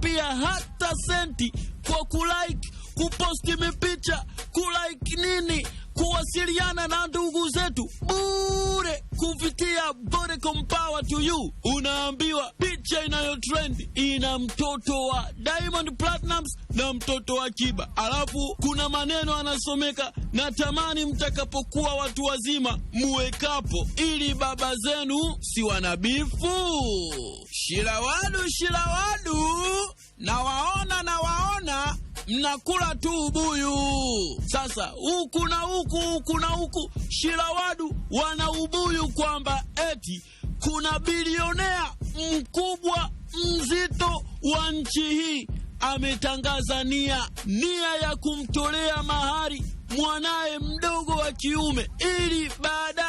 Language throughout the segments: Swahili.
pia hata senti kwa kulike, kuposti mipicha, kulike nini, kuwasiliana na ndugu zetu bure kupitia Vodacom Power to You. Unaambiwa picha inayotrend ina mtoto wa Diamond Platnumz na mtoto wa Kiba, alafu kuna maneno anasomeka, natamani mtakapokuwa watu wazima muwekapo, ili baba zenu si wanabifu. Shirawadu, shirawadu nawaona nawaona, mnakula tu ubuyu. Sasa huku na huku, huku na huku, Shirawadu wana ubuyu kwamba eti kuna bilionea mkubwa mzito wa nchi hii ametangaza nia nia ya kumtolea mahari mwanaye mdogo wa kiume ili baada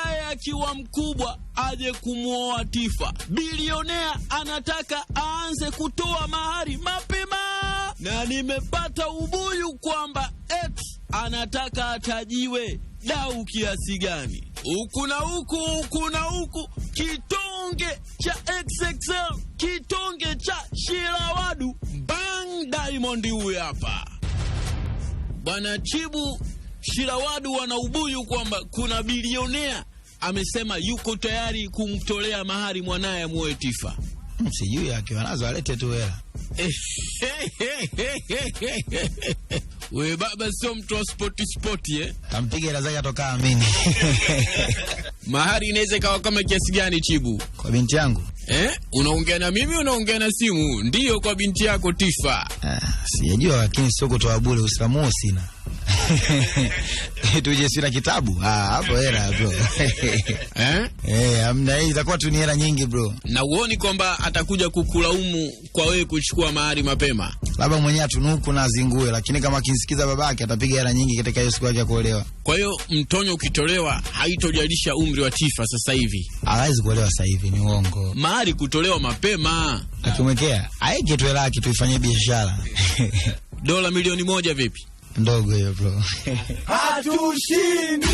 akiwa mkubwa aje kumwoa Tifa. Bilionea anataka aanze kutoa mahari mapema, na nimepata ubuyu kwamba X anataka atajiwe dau kiasi gani, huku na huku, huku na huku, kitonge cha XXL, kitonge cha Shirawadu Bang. Diamond huyu hapa bwana Chibu Shirawadu wana ubuyu kwamba kuna bilionea amesema yuko tayari kumtolea mahari mwanaye amuoe tifa. Hmm, sijui akiwa nazo alete tu hela. We baba sio mtu wa spoti spoti eh? Tampiga hela zake atoka amini. Mahari inaweza ikawa kama kiasi gani chibu? Kwa binti yangu. Eh? Unaongea na mimi unaongea na simu? Ndiyo kwa binti yako Tifa. Ah, sijajua lakini sio kutoa bure usamuo sina. tuje sira kitabu ah, hapo hela bro eh eh, amna hii itakuwa tu ni hela nyingi bro. Na uoni kwamba atakuja kukulaumu kwa wewe kuchukua mahari mapema? Labda mwenyewe atunuku na zingue, lakini kama akinsikiza babake atapiga hela nyingi katika hiyo siku yake ya kuolewa. Kwa hiyo mtonyo ukitolewa haitojalisha umri wa Tifa sasa hivi. Hawezi kuolewa sasa hivi, ni uongo. Mahari kutolewa mapema, akimwekea aeke tu hela yake biashara. Dola milioni moja vipi? ndogo hiyo bro. Hatushindi.